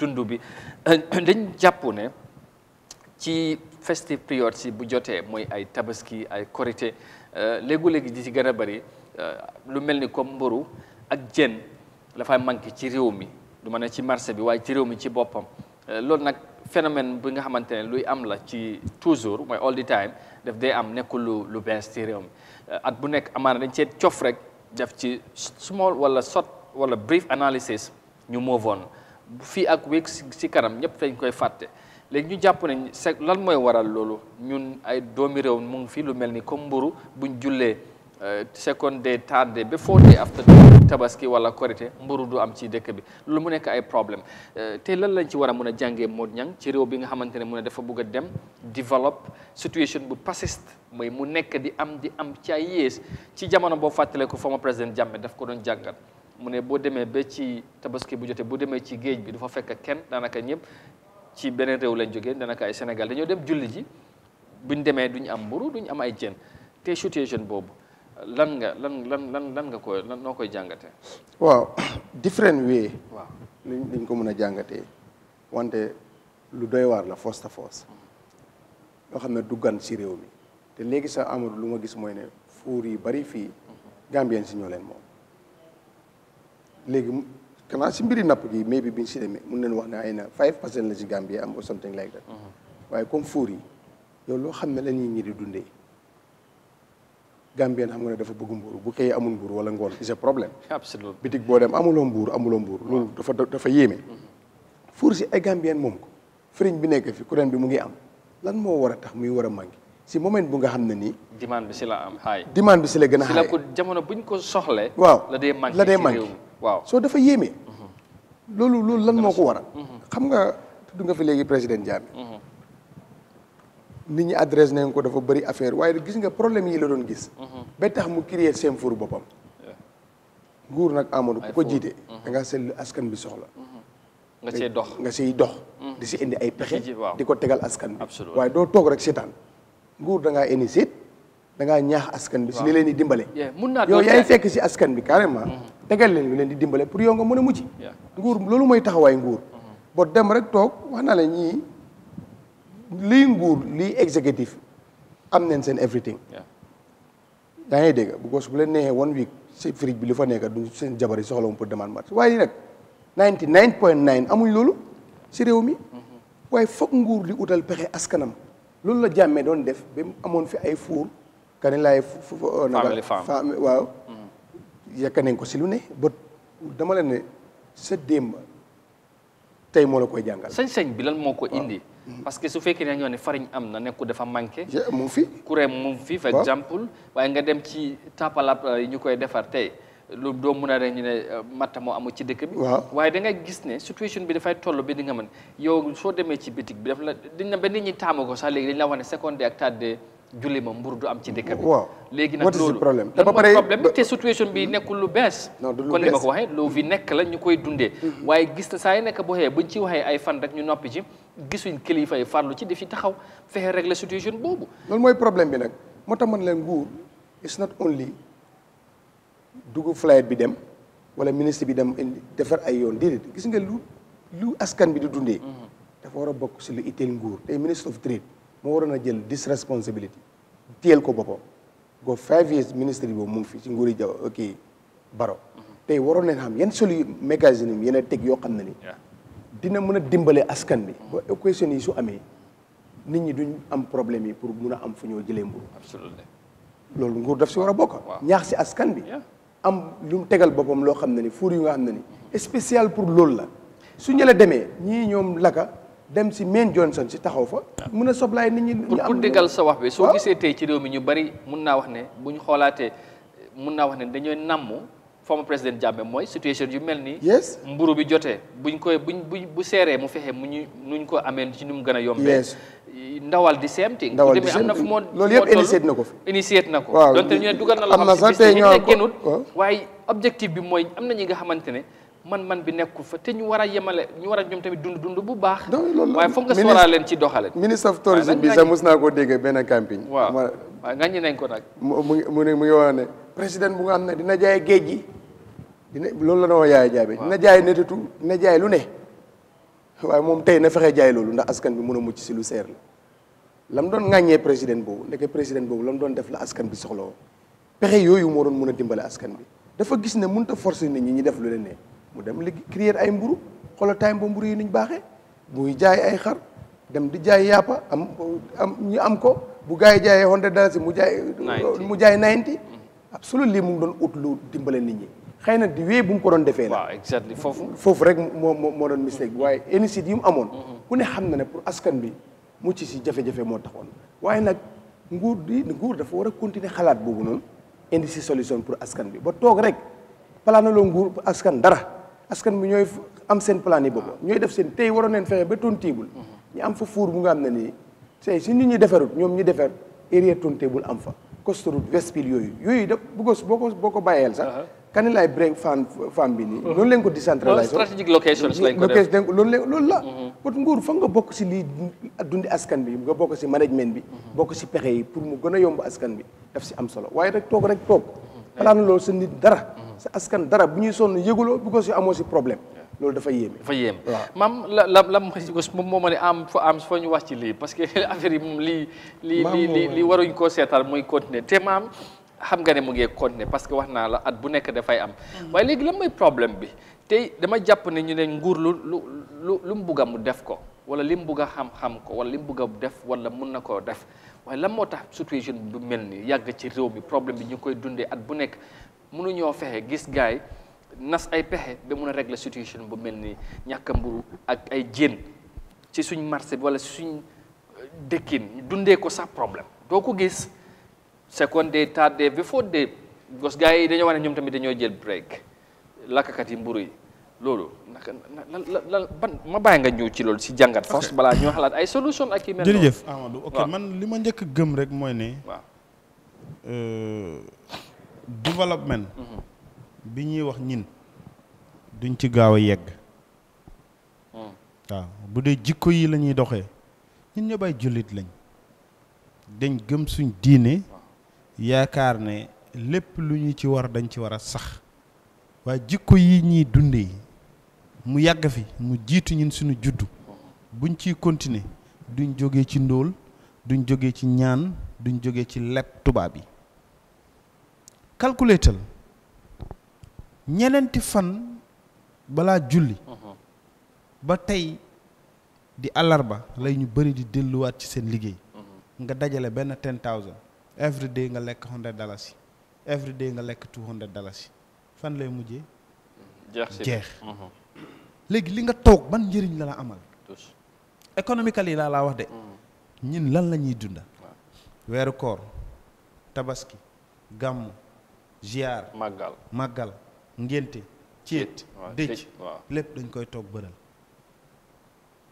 dund bi dañ jàpp ne ci festive period bu jotee mooy ay tabaski ay korité euh, léegu-léegi di ci gën a bari euh, lu mel ni comme mburu ak jën dafay manqué ci réew mi du ma ne ci marché bi waaye ci réew mi ci boppam euh, loolu nag phénomène bi nga xamante ne luy am la ci toujours mooy all the time daf day am nekkul lu lu bees ci réew mi at bu nekk amaana dañ cee cof rek def ci small wala sot wala brief analysis ñu move on bu fii ak week si kanam ñëpp dañ koy fàtte léegi ñu jàpp ne lan mooy waral loolu ñun ay doomi réew mu ngi lu mel ni comme mburu buñ jullee euh, second day third day ba fourth day after tabaski wala korité mburu du am ci dëkk bi loolu mu nekk ay problème euh, te lan lañ ci war a mën a jàngee Modou ñan ci réew bi nga xamante ne mu ne dafa bëgg a dem develop situation bu persiste mooy mu nekk di am di am ci ay yées ci jamono boo fàttalee ko former président Jammeh daf ko doon jàngat mu ne boo demee ba ci tabaski bu jotee boo demee ci géej bi du fa fekk kenn daanaka ñëpp ci beneen réew lañ jógee daanaka ay Sénégal dañoo dem julli ji buñ demee duñ am mburu duñ am ay jën te situation boobu lan nga lan lan lan lan nga koy lan noo koy jàngatee. waaw different way. waaw liñ ko mën a jàngatee wante lu doy waar la force to force yoo xam ne duggan si réew mi te léegi sax amul lu ma gis mooy ne fuur yi bari fii mhm. Gambien si ñoo leen moom. legi kana ci mbiri nap gi maybe biñ ci demé mën nañ wax ne ayna 5 la ci Gambia am or something like that mhm. waye comme fuur yi yow loo xam ñi di dundé gambie xam nga dafa bëgg mbour bu kay amul mbour wala ngol c'est problème absolument bitik bo dem amul mbour amul mbour lool ah. dafa dafa yéeme mhm. fuur si ay Gambien mom ko firiñ bi nekk fi kuréel bi mu ngi am lan mo wara a tax muy wara a ci si moment bu nga xamné ni demand bi ci la am hay demand bi ci la gëna a ci la ko jamono buñ ko soxlé la dee mangi la waaw soo dafa yéeme. Mm-hmm. loolu loolu lan moo ko waral. Mm-hmm. xam nga tudd nga fi léegi président Jammeh. Mm-hmm. nit ñi adresse nañ ko dafa bëri affaire waaye gis nga problème yi la doon gis. ba tax mu créer seen furu boppam. nguur nag Amadou ku ko jiite. da ngaa seetlu askan bi soxla. nga see dox nga see dox. di si indi ay pexe di ko tegal askan bi. waaye doo toog rek seetaan nguur da ngaa indi seet da nga ñaax askan bi si li leen di dimbalé yow yaay fekk ci askan bi carrément tegal leen lu leen di dimbalé pour yo nga mëna a mucc nguur lolu moy taxaway nguur bo dem rek tok wax na la ñi li nguur li exécutif am nañ sen everything da ngay dégg bu ko bu leen one week si fridge bi li fa nekk du sen jabar yi soxla pour demande match way nag ninety nine point nine amuñ lolu ci réew mi hmm. way fokk nguur di outal pexé askanam lolu la jàmmee don def ba amone fi ay four kanin laay oh, family farm waaw mm. yàkka nañ ko si lu ne ba dama leen ne sa démb tey moo la koy jàngal sañ-sañ bi lan moo ko indi mm. parce que su fekkee ne ñoo ne fariñ am na nekku dafa manqué mu fi kuré mu fi par exemple waaye nga dem ci tapalap yi euh, ñu koy defar tey lu doo mun a rek ñu ne euh, matta moo amul ci dëkk bi waaye da nga gis ne situation bi dafay toll bi di nga mën yow soo demee ci bitig bi daf la dañ na ba nit ñi taamu ko sax léegi dañ la wax ne seconde ak julli ma mburu du am ci dëkk bi. waaw léegi nag loolu problème te ba pare problème te situation bi nekkul lu bees. non kon li ma ko waxee loo fi nekk la ñu koy dundee. Mm-hmm. waaye gis na saa yu nekk boo xee buñ ci waxee ay fan rek ñu noppi ci gisuñ kilifa yi farlu ci dafi taxaw fexe rek régler situation boobu. loolu mooy problème bi nag moo tax man leen nguur it's not only dugg flyet bi dem wala ministre bi dem defar ay yoon déedéet gis nga lu lu askan bi di dundee. Mm-hmm. dafa war a bokk si lu itteel nguur tey ministre of moo waroon a jël dis responsabilité téyel ko boppam go five years ministre yi boobu mu ngi fi ci nguuri jaw euh, kii Baro tey waroon nañ xam yan solu mécanisme yene teg yoo xam ne ni dina mën a dimbale askan bi yi su amee nit ñi duñ am problème yi pour mun a am fu ñoo jëlee mburu absolument loolu nguur daf si war a bokk ñaax si askan bi am lu mu tegal boppam loo xam ne ni fuur yu nga xam ne ni spécial pour loolu la su ñu demee ñii ñoom laka dem si main Johnson si taxaw fa. Ah. mun a soblaay nit ñu am sa wax bi soo gisee tey ci réew mi ñu bari mun naa wax ne bu ñu xoolaatee mun naa wax ne dañooy namm former président Jammeh mooy situation yu mel nii. mburu bi jotee buñ koy buñ buñ bu seeree mu fexe mu ñu nuñ ko amee ci nu mu gën a ndawal di same thing. ndawal di same am na fu moo loolu yëpp initié na ko fi. initié na ko. waaw donte ñu ne dugal na loo xam si bis. am na sax tey ñoo ko waaye objectif bi mooy am na ñi nga xamante ne. man-man bi nekkul fa te ñu wara a ñu wara ñom tamit dund dund bu baax. way foog nga soora len ci doxale ministre of tourism bi sa musna ko camping. dégg benn campagne. waaw waaw ngaññi nañ ko nak mu mu mu président bu nga xam dina jaay geej gi dina loolu la noo yaay jaabe dina jaay netatu dina jaay lu ne. way mom tay na fexé jaay loolu ndax askan bi mëna mucc ci lu sér lam doon ŋàññee président boobu ndeke président boobu lam doon def la askan bi soxlo pexé yoyu mo doon mëna dimbalé askan bi dafa gis né mënut forcer nit ñi ñi def lu leen né mu dem li créer ay mburu xolo tay bo mburu yi niñ baxé muy jaay ay xar dem di jaay yapa am am ñu am ko bu gaay jaay jaayee hundred dalasi mu jaay mu jaay 90 absolument mu ngi doon ut lu dimbalé nit ñi xeyna di wé bu mu ko don défé la waaw exactly fofu fofu rek mo mo don mistake bi waaye énicide yi mu amoon mm-hmm. ku ne xam na ne pour askan bi mu ci ci jafé jafé mo taxone waye nak nguur di nguur dafa wara continuer xalaat boobu non indi ci solution pour askan bi ba tok rek palaanaloo nguur askan dara askan bi ñoy am seen plan yi bobu ñoy def seen tey waro nañ fexé ba tontibul ñi am fa four bu nga xam ne nii si nit ñi defarut ñom ñi defar area tontibul am fa costarut vespil yoy yoy da bu ko Boko boko bayel sax uh-huh. kan lay break fan fan bi ni non leen ko décentraliser strategic locations lañ ko def non leen lool la uh-huh. pot nguur fa nga bok si li dundi askan bi nga bok si management bi uh-huh. bok si pexé yi pour mu gëna yomb askan bi daf ci am solo waye rek tok rek tok plan lool sa nit dara si askan dara bu ñuy sonn yëguloo bu ko si amoo si problème loolu dafa yéeme. dafa yéeme maam la la la moom moo ma am fa am fa ñu wax ci lii parce que affaire yi moom lii. lii lii lii waruñ koo seetaan muy continuer te maam xam nga ne mu ngi parce que wax naa la at bu nekk dafay am. Mm. waaye léegi lan problème bi tey dama jàpp ne ne nguur lu lu lu lu mu bugg a mu def ko wala li mu bugg a xam-xam ko wala li bugg a def wala mun na koo def waaye lan moo tax situation bu mel nii yàgg ci réew mi problème bi ñu koy dundee at bu nekk ñoo fexé gis gaay nas ay pexé be mëna régler situation bu melni ñaka mburu ak ay jeen ci suñ marché wala ci suñ euh, dëkkin dundé ko sa problème doo ko gis seconde day third day before gos gaay yi dañu wone ñom tamit dañu jël break lakakat yi mburu yi loolu la la ban ma bay nga ñu ci lolu ci jangat force bala ñu xalat ay solution ak yi mel jërëjëf Amadou ok man li ma njëkk gëm rek moy né euh développement. bi ñuy wax ñin duñ ci gaaw a yegg. Hmm. waaw bu dee jikko yi lañuy doxee ñun ñëpp jullit lañ dañ gëm suñ diine yaakaar ne lépp lu ñu ci war dañ ci war a sax waaye jikko yi ñuy dundee mu yàgg fi mu jiitu ñun suñu juddu buñ ciy continuer duñ jógee ci ndóol duñ jógee ci ñaan duñ jógee ci leb tubaab yi calculetal ñeneenti fan balaa julli uh-huh. ba tey di àllarba lay ñu bëri di delluwaat ci seen liggéey uh-huh. nga dajale benn ten thousand every day nga lekk hundred dalasi every day nga lekk two dalasi fan lay mujjee jeex uh-huh. léegi li nga toog ban njëriñ la la amal économiquement yi laa laa wax de ñin lan la ñuy dunda weeru koor tabaski gàmmu ziar. màggal màggal ngénte céet dëj lépp dañ koy toog bëral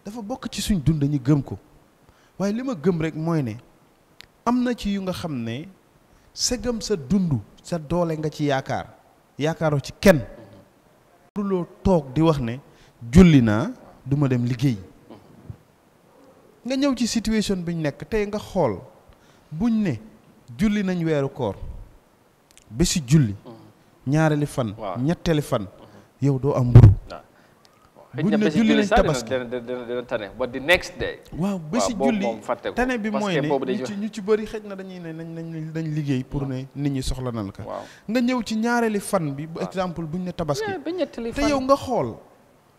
dafa bokk ci suñ dund dañu gëm ko waaye li ma gëm rek mooy ne am na ci yu nga xam ne segam sa dund sa doole nga ci yaakaar yaakaaroo ci kenn loo toog di wax ne julli naa duma dem liggéey nga ñëw ci bi biñ nekk tey nga xool buñ ne julli nañ weeru koor bési julli. Mm. ñaareeli fan. ñetteeli fan. Mm-hmm. yow doo am mburu buñ ne julli lañ tabaski dina tane ba di next day. waaw bési julli tane bi mooy ne ñu ci ñu ci bëri xëj na dañuy ne nañ nañ dañ liggéey pour ne nit ñi soxla nan ka nga ñëw ci ñaareeli fan bi bu exemple buñ ne tabaski te yow nga xool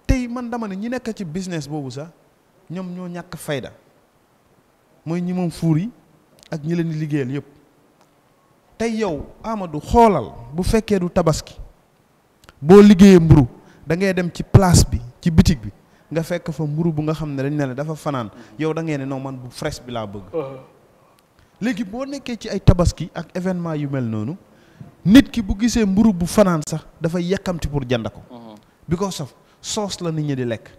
tey man dama ne ñi nekk ci business boobu sax ñoom ñoo ñàkk fayda mooy ñi fuur yi ak ñi leen di liggéeyal yëpp tay yow Amadou xolal bu fekke du tabaski bo liggey mburu da ngay dem ci place bi ci boutique bi nga fekk fa mburu bu nga xamne dañ ne dafa fanan yow da ngay ne non man bu fresh bi la bëgg. Uh-huh. legui bo nekké ci ay tabaski ak événement yu mel nonu nit ki bu gisé mburu bu fanan sax dafa yakamti pour jandako ko. Uh-huh. of sauce la nit ñi di lek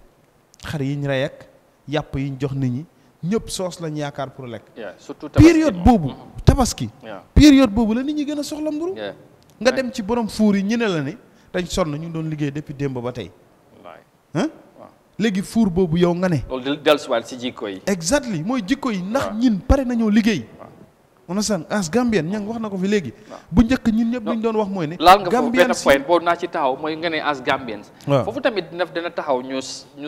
xar yiñ ñu ak jox nit ñi. ñëpp soos lañ yaakaar pour lekk. surtout période boobu mm-hmm. tabaski. période boobu la nit ñi gën a soxla mburu nga dem ci borom fuur yi ñu la ne dañ na ñu doon liggéey depuis démb ba tey. léegi fuur boobu yow nga ne. loolu dellusiwaat si jikko yi. exactly mooy jikko yi ndax ñin pare nañoo liggéey. understand as Gambien ñang wax na ko fi léegi. bu njëkk ñun ñëpp liñ doon wax mooy ne. laal nga foofu benn point boobu naa ci taxaw mooy nga ne as Gambien. waaw foofu tamit dina taxaw ñu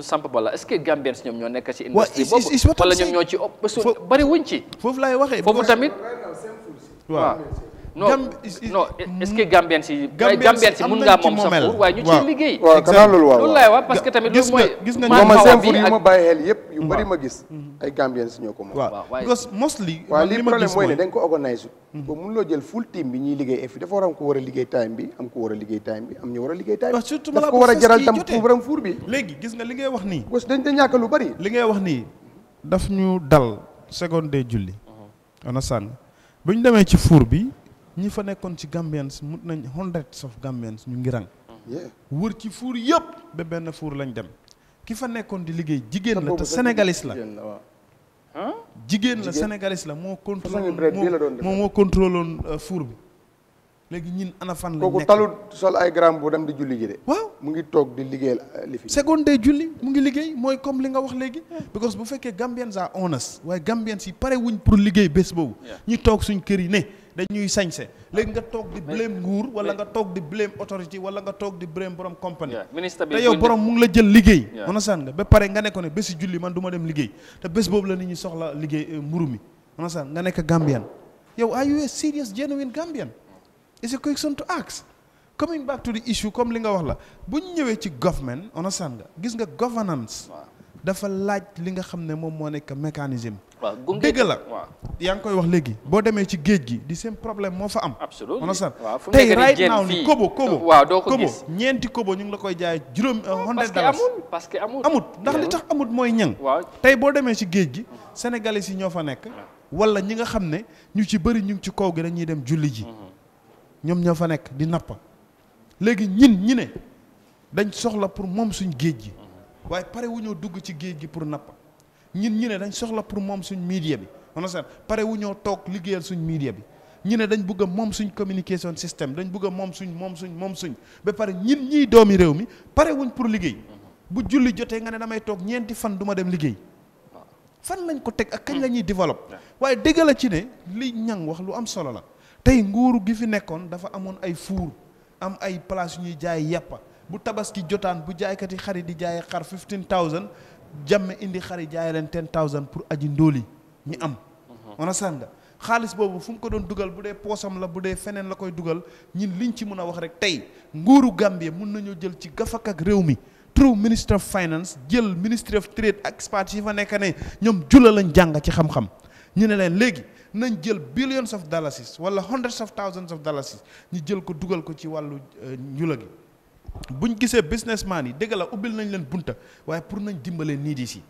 samp bala est-ce que Gambien ñoom ñoo nekk ci. industrie boobu wala ñoom ñoo ci ëpp. bari wuñ ci. foofu laay waxee. foofu tamit waaw. non non est-ce que Gambien si. Gambien si mun ngaa moom sa pour waaye ñu ciy liggéey. waaw kanaa loolu waaw loolu laay wax parce que tamit. loolu mooy gis ma bàyyi xel yëpp yu bari ma gis. Mm-hmm. Mm-hmm. ay Gambien si ñoo ko moom. because mostly. waaw li problème mooy ne da nga ko organise. ba mënuloo mm-hmm. jël full team bi ñuy liggéey fi dafa war ko war a liggéey time bi am ko war a liggéey time bi am ñu war a liggéey time bi. surtout dafa a léegi gis nga li ngay wax nii. parce dañ da ñàkk lu bari. li ngay wax nii daf ñu dal seconde julli. ana bu ñu demee ci fuur bi ñi fa nekkoon ci Gambians mut nañ hundreds of Gambians ñu ngi rang wër ci fuur yëpp ba benn fuur lañ dem ki fa nekkoon di liggéey jigéen la te sénégalais la jigéen la senegalis la moo contrôle moo moo contrôloon euh, fuur bi légui ñin ana fan la kooku talu sol ay gram bu dem di julli ji de waaw mu ngi tok di liggéey eh, li fi seconde day julli mu ngi liggéey moy comme li nga wax légui because bu fekkee Gambians are honest way Gambians yi paré wuñ pour liggéey bés bobu ñi tok suñ kër yi né dañuy sañsé légui nga tok di blame nguur wala nga tok di blame authority wala nga tok di blame borom company té yow borom mu ngi la jël liggéey understand nga ba paré nga né ko né bési julli man duma dem liggéey té bés bobu la nit ñi soxla liggéey eh, mburu mi understand nga nekk Gambian yow are you a serious genuine Gambian is a question to ask coming back comme li nga wax la bu ñu ñëwee ci government understand nga gis nga governance dafa laaj li nga xam ne moom moo nekk mécanisme dëgg la yaa ngi koy wax léegi boo demee ci géej gi di seen problème moo fa am understand tey right now ni kobo kobo kobo ñeenti kobo ñu ngi la koy jaay juróom ah, euh, hundred dollars parce que amul amut ndax li tax amut mooy ñang tey boo demee ci géej gi mm. sénégalais yi ñoo fa nekk mm. wala ñi nga xam ne ñu ci bëri ñu ngi ci kaw gi dañuy dem julli ji mm-hmm. ñoom ñoo fa nekk di napp léegi ñin ñi ne dañ soxla pour moom suñ géej gi waaye pare ñoo dugg ci géej gi pour napp ñin ñi ne dañ soxla pour moom suñ media bi on pare wu ñoo toog liggéeyal suñ media bi ñi ne dañ bëgg a moom suñ communication système dañ bëgg a moom suñ moom suñ moom suñ ba pare ñin ñiy doomi réew mi parewuñ pour liggéey bu julli jotee nga ne damay toog ñeenti fan duma dem liggéey fan lañ ko teg ak kañ lañuy hmm. ñuy développe waaye dëgg la ci ne li ñang wax lu am solo la tey nguuru gi fi nekkoon dafa amoon ay fuur am ay place yu ñuy jaay yàppa bu tabaski jotaan bu jaaykati xari di jaay xar 15000 jàmme indi xari jaay leen 10000 pour aji ndóoli ñi am on mm-hmm. nga xaalis boobu fu mu ko doon dugal bu dee poosam la bu dee feneen la koy dugal ñin liñ ci mën a wax rek tey nguuru Gambie mun nañoo jël ci gafak ak réew mi through minister of finance jël ministry of trade ak experts yi fa nekk ne ñoom jula lañ jàng ci xam-xam ñu ne leen léegi nañ jël billions of dollars wala hundreds of thousands of dollars ñu jël ko dugal ko ci wàllu euh, njula gi buñ gisee businessman yi dëgg la ubbil nañ leen bunta waaye pour nañ dimbalee nii di si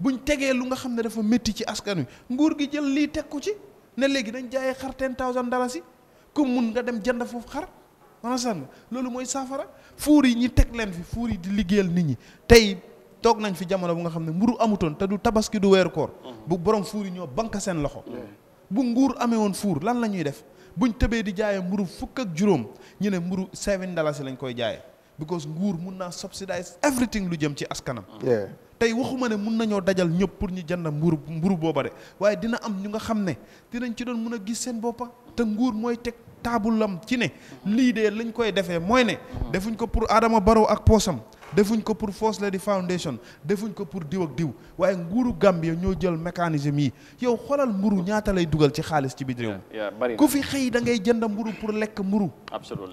buñ tegee lu nga xam ne dafa métti ci askan wi nguur gi jël lii teg ko ci ne léegi dañ jaayee xar ten thousand dollars yi comme mun nga dem jand foofu xar maanaam loolu mooy saafara fuur yi ñi teg leen fi fuur yi di liggéeyal nit ñi tey toog nañ fi jamono bu nga xam ne mburu amutoon te du tabaski du weeru koor bu borom fuur yi ñoo bank seen loxo bu nguur amee woon fuur lan la ñuy def buñ tëbee di jaayee mburu fukk ak juróom ñu ne mburu seven dalasi lañ koy jaayee because nguur mun naa subsidize everything lu jëm ci askanam tey waxuma ne mun nañoo dajal ñëpp pour ñu jënd mburu mburu booba de waaye dina am ñu nga xam ne dinañ ci doon mun a gis seen boppa te nguur mooy teg taabulam ci ne lii de lañ koy defee mooy ne defuñ ko pour Adama baro ak poosam defuñ ko pour First Lady Foundation defuñ ko pour diw ak diw waaye nguuru Gambia ñoo jël mécanisme yi yow xoolal mburu ñaata lay dugal ci xaalis ci biir réew ku fi xëy da ngay jënd mburu pour lekk mburu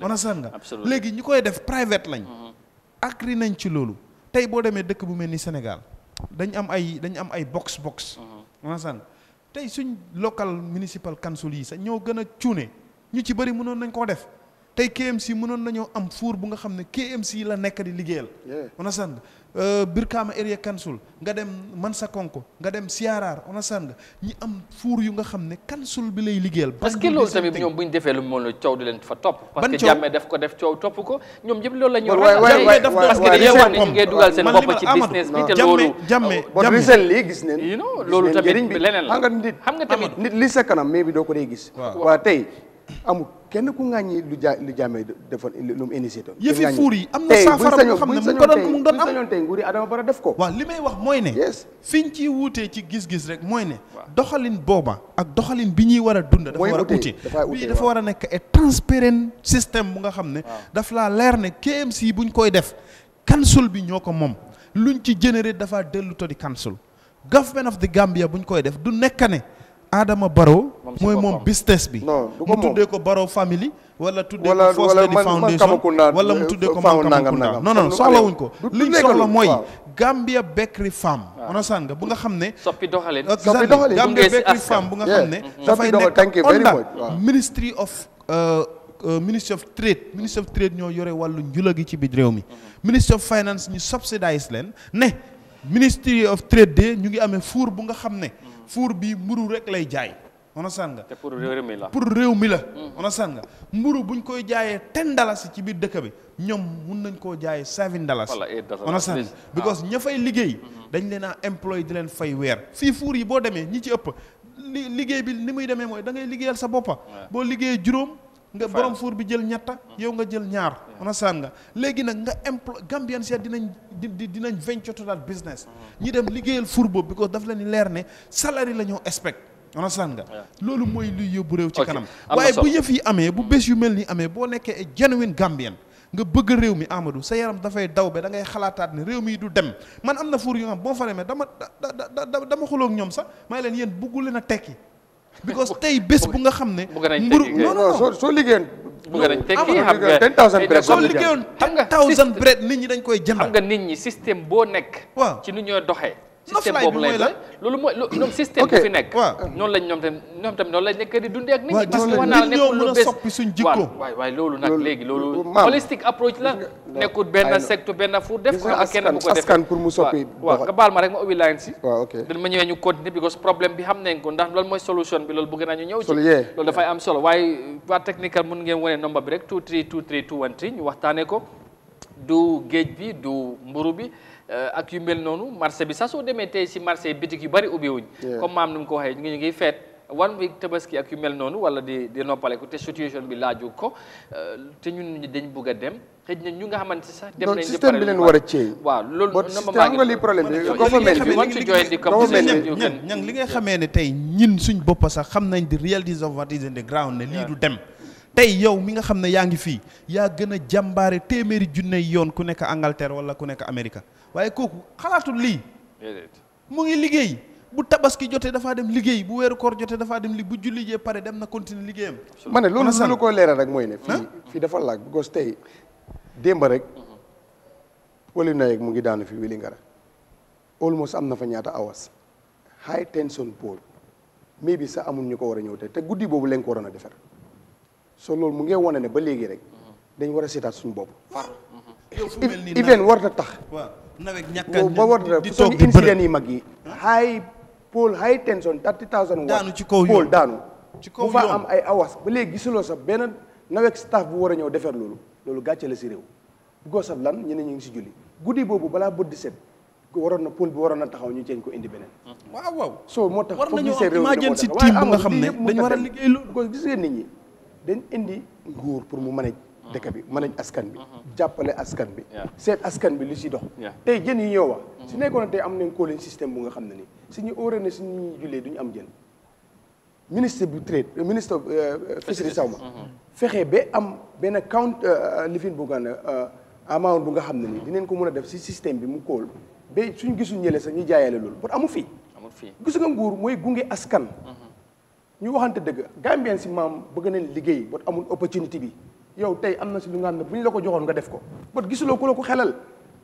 onasan nga léegi ñi koy def private lañ mm-hmm. akri nañ ci loolu tey boo demee dëkk bu mel ni senegal dañ am ay dañ am ay box box onasan mm-hmm. tey suñ local municipal council yi sax ñoo gën a cuune ñu ci bëri mënoon nañ koo def tey KMC mënoon nañoo am four bu nga xam ne KMC la nekk di liggéeyal. on a sand Birkama Area Council nga dem Mansakonko nga dem Siarar on a sand ñi am four yu nga xam ne council bi lay liggéeyal. parce que loolu tamit ñoom bu ñu defee lu mu mën coow di leen fa topp. ban coow parce que jàmmee def ko def coow topp ko ñoom ñëpp loolu la ñu. waay waay waay parce loolu. tamit xam nga tamit nit li sa kanam mais bi doo ko dee gis. amul kenn ku ŋàññi lu ja lu jàmmee defoon lu mu initié doon. yëfi fuur yi am na saafara boo xam ne mu ko doon mu doon am sañoon tey nguuri Adama Barrow ko. waaw li may wax mooy ne. fi ñu ciy wuutee ci gis-gis rek mooy ne. doxalin booba ak doxalin bi ñuy war a dund. dafa war a uute bii dafa war a nekk et transparent système bu nga xam ne. daf laa leer ne KMC ñu koy def. council bi ñoo ko moom lu luñ ci généré dafa dellu to di council government of the Gambia ñu koy def du nekk ne Adama Barrow mooy moom business bi. non du ko moom mu tuddee ko Barrow family. wala tuddee ko First Foundation wala mu euh, tuddee ko man Kamakunda non non soxlawuñ ko. liñ soxla mooy. Gambia Bakery Farm. waaw onosaan nga bu nga xam ne. soppi doxalin soppi doxalin Gambia Bakery Farm bu nga xam ne. dafay euh, euh, Ministry of. trade ministry of trade ñoo yore wàllu njula gi ci biir réew mi mm-hmm. ministry of finance ñu subsidise leen ne ministry of trade de ñu ngi amee four bu nga xam ne mm-hmm. fuur bi mburu rek lay jaay understand nga. te pour réew mi la. pour mi la. understand mm. nga mburu buñ koy jaayee ten dalasi ci biir dëkk bi ñoom mun nañ koo jaayee seven dalasi. wala eight dalasi understand nga ah. because ña fay liggéey. Mm-hmm. dañ leen a employé di leen fay weer. fii fuur yi boo demee ñi ci ëpp li liggéey bi ni muy demee mooy da ngay liggéeyal sa boppa boo liggéeyee juróom. nga borom fuur bi jël ñetta mm. yow nga jël ñaar understand nga léegi nag nga employé Gambian si dinañ di dinañ venture to that business mm. ñi dem liggéeyal fuur boobu because daf leen leer ne salary la ñoo expect understand nga loolu mooy luy yóbbu réew ci kanam waaye bu yëf yi amee bu bés yu mel ni amee boo nekkee genuine Gambien nga bëgg réew mi Amadou sa yaram dafay daw ba da ngay xalaataat ne réew mi du dem man am na fuur yu nga xam boo fa demee dama da dama xulóog ñoom sax may leen yéen bëggu leen a tekki because tey bés bu nga xam ne mburu non non soo liggéeyoon bëgg nañ tekki xam nga ten thousand bread soo liggéeyoon ten thousand bread nit ñi dañ koy jënd xam nga nit ñi système boo nekk waaw ci nu ñoo doxee système boobu lay doy loolu mooy ñoom système bu fi nekk. waaw noonu lañ ñoom tamit ñoom tamit noonu lañ nekk di dundee ak nit ñi. waay waay loolu nag léegi loolu. holistic approach la nekkul benn secte benn fu def ko ak kenn bu ko def askan baal ma rek ma ubbi line si. waaw ma ñëwee ñu continuer because problème bi xam nañ ko ndax loolu mooy solution bi loolu bëgg naa ñu ñëw ci. loolu dafay am solo waaye waa technical mun ngeen wane nombre bi rek ñu waxtaanee ko du géej bi du mburu bi Euh, ak yu mel noonu marché bi sax soo demee tey si marché bitik yu bari ubbiwuñ comme maam nu mu ko waxee ñu ngi ñu ngi feet wan week tabaski ak yu mel noonu wala di noppale noppaleku te situation bi laaju ko euh, te ñun ñi dañ bëgg a dem xëj na ñu nga xamante sax dem leen a ceey waaw loolu xam nga problème bi government bi want li ngay xamee ne tey ñin suñ bopp sax xam nañ di reality of what dem tey yow mi nga xam ne yaa ngi fii yaa gën a jàmbaare téeméeri junne yoon ku nekk Angleterre wala ku nekk Amérique waaye kooku xalaatul lii mu ngi liggéey bu tabaski jotee dafaa dem liggéey bu weeru koor jotee dafaa dem li bu julli jee pare dem na continuer liggéeyam ma ne loolu lu ko leeral rek mooy ne fii fii dafa laaj because tey démb rek mhm. wali nayeg mu ngi daanu fi Wellingara almost am na fa ñaata awas high tension pole mais bi sax amul ñu ko war a ñëw tey te guddi boobu leen ko waroon a defar so loolu mu ngi wane ne ba léegi rek mhm. dañ war a seetaat suñu bopp mhm. event war na tax nawet di toog di incident yi mag yi. high pole high tension thirty thousand. daanu ci kaw pole daanu. ci kaw fa am ay awas ba léegi gisuloo sax benn nawet staff bu war a ñëw defar loolu loolu gàcce la si réew. because of lan ñeneen ñu ngi si julli guddi boobu balaa bët di set waroon na pôle bi waroon na taxaw ñu ceeñ ko indi beneen. waaw waaw so moo tax foofu ñu seen réew mi moo tax waaye am na lii yëpp mu ngi ko def gis ngeen nit ñi dañ indi nguur pour mu mën dëkk bi mën nañ askan bi mhm. jàppale askan bi seet askan bi lu si dox tey jën yi ñoo wax mhm. su nekkoon tey am nañ cooling système bu nga xam ne ni suñu óore na suñu jullee duñu am jën ministre bu trade euh, ministre fisheries saw ma fexe ba am benn count euh, euh, lifin bu nga amount bu nga xam ne ni mhm. dinañ ko mën a def si système bi mu kóol ba ñu gisul ñële sax ñu jaayaale loolu bot amu fii amul fii gis nga nguur mooy gunge askan ñu waxante dëgg Gambien si maam bëgg nañ liggéey bot amul opportunité bi yow tey am na si lu nga am ne bu ñu la ko joxoon nga def ko bot gisuloo ku la ko xelal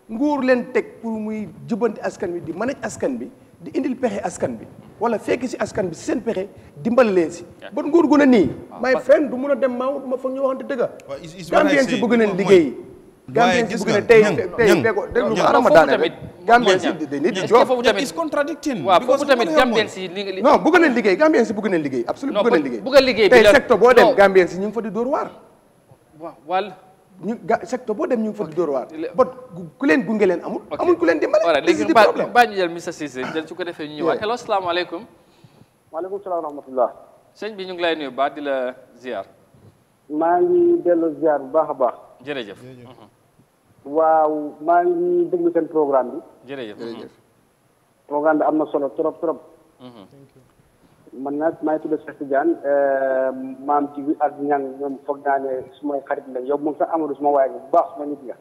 nguur leen teg pour muy jubbanti askan bi di manaj askan bi di indil pexe askan bi wala fekk si askan bi si seen pexe dimbal leen si bon nguur gu ne nii ah, may friend du mun a dem maawut ma foog ñu waxante dëgga tey tey dem gambien si ñu fa di dóor waar wal wàll ñu ga secteur boo dem ñu fa dóor waar bon ku leen gunge leen amul amul ku leen dimbale voilà léegi baa ñu jël monsieur Cissé jël su ko defee ñu ñëwaat hello rahmatullah bi ñu ngi lay nuyu di la ziar maa ngi ziar bu baax a baax jërëjëf mhm. waaw maa ngi déglu seen programme bi programme bi solo trop trop mhm. man nag maa ngi tudd Cheikh Tidiane euh, maam ci bi ak ñang ñoom foog naa ne su may xarit lañ yow moom sax Amadou suma waaye bu baax suma nit nga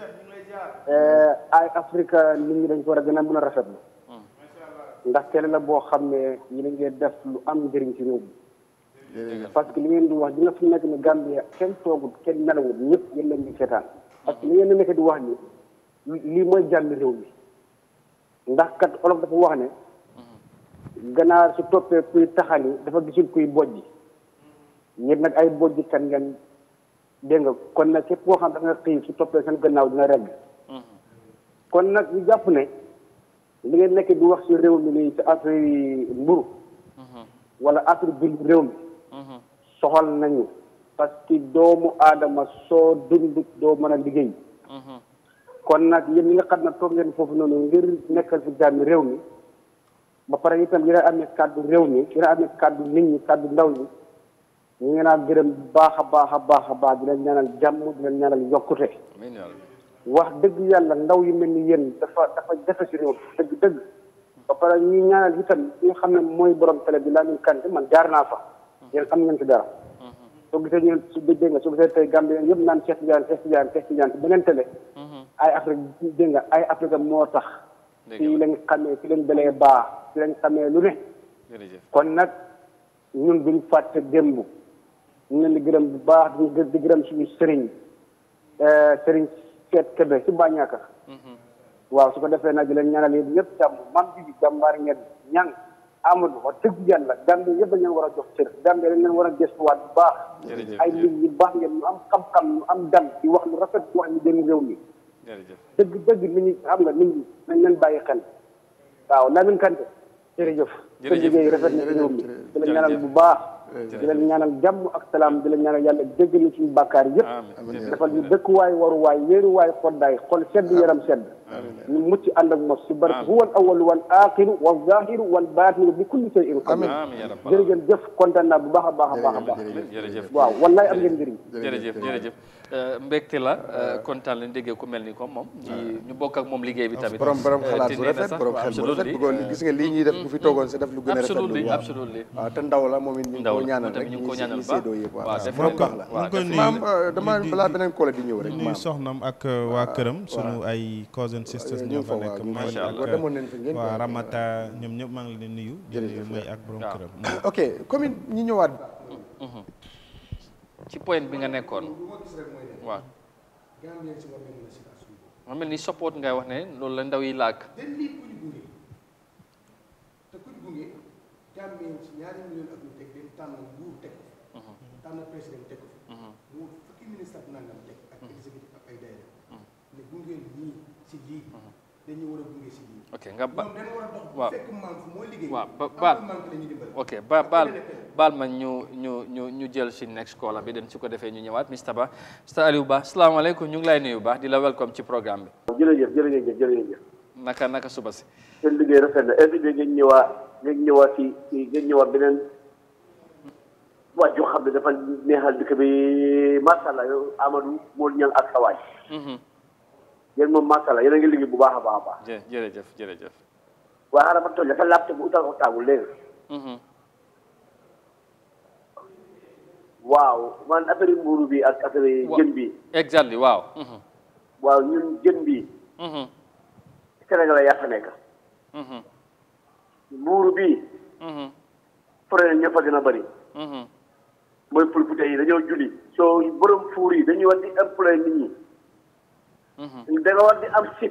eh, euh, ay Afrique nit ñi dañ ko war a gën a mën a rafetlu hmm. ndax kenn boo xam ne yi ngeen def lu am njëriñ ci parce que li ngeen di wax di nga fi nekk ni Gambia kenn toogul kenn nelawul ñëpp yéen lañ di seetaan parce que li ngeen di nekk di wax ni lii mooy jàmm réew mi ndax kat olof dafa wax ne ganaar su toppee kuy taxani dafa gisul kuy bojj ñet nag ay bojj kan ngeen dégg nga kon nag képp koo xam da nga xëy su toppee seen dina regg nag jàpp ne li ngeen nekk bi wax si réew mi nii si affaire mburu wala affaire bi réew mi soxal nañu parce que doomu aadama soo dund doo mën a liggéey mhm. kon nag yéen ñi nga xam ne toog ngeen foofu noonu ngir nekkal si jàmm réew mi ba pare itam dina amee kàddu réew mi dina amee kàddu nit ñi kàddu ndaw ñi ñu ngi naan gërëm bu baax a baax a baax a baax di leen ñaanal jàmm di leen ñaanal yokkute wax dëgg yàlla ndaw yi mel ni yéen dafa dafa jafe ci réew dëgg dëgg ba pare ñuy ñaanal itam ñi ñu xam ne mooy borom télé bi laa ñu kante man jaar naa fa yéen am ngeen ci dara mhm. soo gisee ñun su dégg nga soo gisee tey Gambie yëpp naan Cheikh Tidiane Cheikh Tidiane Cheikh Tidiane beneen télé mhm. ay Afrique dégg nga ay Afrique moo tax ci lañ xamee ci lañ dalee baax ci lañ xamee lu ne kon nag ñun duñ fàtte démb ñu leen di gërëm bu baax duñ gë di gërëm suñu sëriñ euh, sëriñ seet kebe ci Mbàññaaka mm-hmm. waaw su ko defee nag di leen ñaanal yéen ñëpp jàmm mam jigi jàmbaar ngeen ñang Amadou wax dëgg yàlla Gambie yëpp dañ leen war a jox cër Gambie dañ leen war a gëstuwaat bu baax ay nit ñu baax ngeen ñu am xam-xam ñu am dal di wax lu rafet wax ñu dégg réew mi dëgg dëgg nit ñi xam nga nit ñi nañ leen bàyyi xel waaw Lamine Kanté jërëjëf sa liggéey rafet na réew mi di la ñaanal bu baax di la ñaanal jàmm ak salaam di la ñaanal yàlla dégg na suñu bàkkaar yëpp defal ñu dëkkuwaay waruwaay yéeruwaay xoddaay xol sedd yaram sedd ñu mucc ànd ak mos si barke huwa al awalu wal axiru wal zahiru wal batinu bi kulli shay'in amiin jërëjëf jëf kontaan naa bu baax a baax a baax a waaw wallaay am njëriñ jërëjëf jërëjëf euh, mbégte la euh, euh, kontaan lañ déggee ku mel ni comme moom ñu ñuy mm-hmm. a rafet la moom it ñu ngi ko ñaanal rek ñu ngi ko ñaanal séedoo yëpp waaw borom baax la maam dama balaa beneen koola di ñëw rek soxnam ak waa ah. këram sunu ay cousin sister sos ñoo allah waa Ramata ñoom ñëpp maa ngi leen nuyu jërëjëf may ak borom këram ah, ok commune ñi ñëwaat ci bi nga nekkoon waaw ma mel ni support ngay wax ne loolu la ndaw yi làkk Oke, war a gunge Pak lii. ok nga ba ñoom dañu war a dox bu fekk manque mooy liggéey. Pak, ba ok ba baal baal ma ñu ñu ñu ñu jël Mr Ba Mr Aliou Ba salaamaaleykum ñu di la welcome ci programme bi. jërëjëf jërëjëf jërëjëf. naka naka suba si. seen liggéey rafet na invité ngeen ñëwaat ngeen ñëwaat si ngeen ñëwaat beneen waa joo xam ne dafa neexal yéen moom macha allah yéen a ngi liggéey bu baax a baax a baax. jë jërëjëf jërëjëf. waaye xanaa ma toll dafa laajte bu utal ko taabul léegi. waaw man affaire mbuuru bi ak affaire jën bi. Mhm. exactly waaw. waaw ñun jën bi. Sénégal yaa fa nekk. mbuuru bi. forêt ñëpp a gën a bëri. mooy mhm. pulpute yi dañoo julli. soo borom fuur yi dañuy wax employé nit ñi. Mhm. da nga war di am sif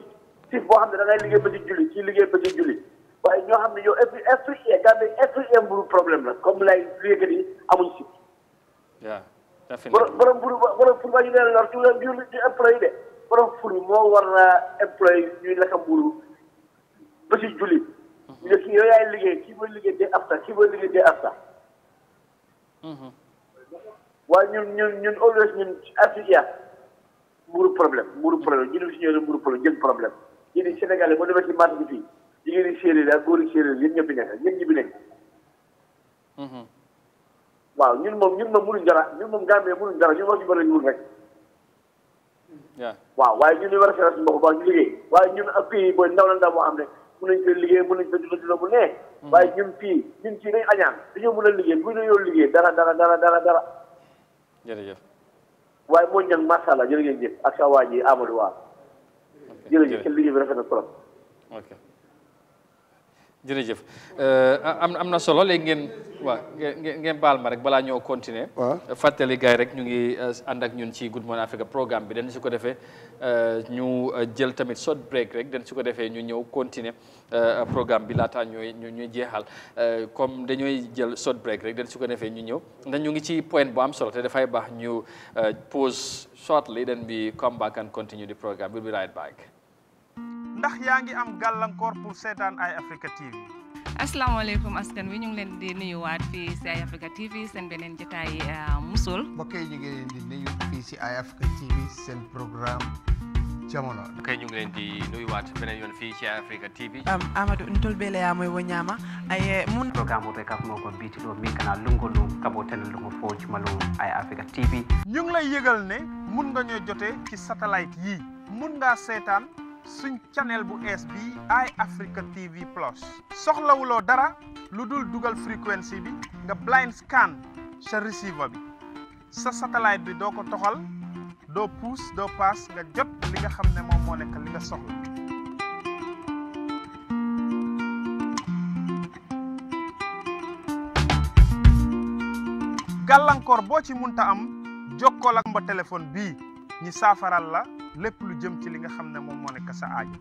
sif boo xam ne da ngay liggéey ba di julli ci liggéey ba di julli waaye ñoo xam ne yow every every year Gambie every year mburu problème la comme lay léegi nii amuñ sif waaw borom mburu borom ful ba ñu leen lor ci ñu di employé de borom ful moo war a employé ñuy lekk mburu ba ci julli mhm. ñu ne kii yow yaay liggéey kii mooy liggéey dee afta kii mooy liggéey dee afta mhm. waaye ñun you ñun always ñun africain e muru problème muru problème ñu ci ñëw muru problème jël problème ñu di sénégalais mo demati mat bi fi ñu ngi séré la goor séré ñepp ñepp nekk ñepp ñepp nekk hmm waaw ñun mom ñun mom muru dara ñun mom gambé muru dara ñu mo ci bëri ñun rek ya waaw waye ñu ni wara sérat mbokk ba ñu liggéey waye ñun ak pays boy ndaw la ndaw mo am rek mu nañ ko liggéey mu nañ ko dund mhm. waye ñun fi ñun ci dañ añaan dañu mëna liggéey bu ñu yo liggéey dara dara dara dara dara jërëjëf waaye moo ñang macha allah jërë ngeen jëf ak sa waa ji Amadou Wa. jërëjëf seen liggéey euh, am am na solo léegi ngeen waaw ngeen ngeen baal ma rek balaa ñëw continuer. waaw fàttali gars rek ñu ngi euh, ànd ak ñun ci Good Morning Africa programme bi den su ko defee euh, ñu jël tamit short break rek den su ko defee ñu ñëw continuer. Eh, program bi ñoy ñoy jéxal euh comme dañoy jël short break rek dañ su ko nefé ñu ñëw dañ ñu ngi ci point bu am solo te dafay bax ñu eh, pause shortly then we come back and continue the program. we'll be right back. ndax yaangi ngi am gàllankoor pour seetaan ay Africa TV. Assalamualaikum, askan wi ñu ngi leen di waat fi ci ay Africa TV seen benen jotaay eh, musul. mbokk yi ñu ngi leen di nuyu fi ci ay Africa TV seen programme jamono kay ñu ngi leen di nuyuwaat benen yoon fi ci africa tv am amadou ntol bele ya moy wonyama ay mun programme be kaf moko biti do mi kana lungo lu kabo tan lungo fo ci malu ay africa tv ñu ngi lay yegal ne mun nga ñoy joté ci satellite yi mun nga sétane suñ channel bu SB ay africa tv plus soxlawulo dara ludul dugal frequency bi nga blind scan sa receiver bi sa satellite bi doko toxal do push do pass nga jot nga xam ne moom moo nekk li nga soxla boo ci munta am jokkool ak mba téléphone bii ñi saafaral la lépp lu jëm ci li nga xam ne moom moo nekk sa aajo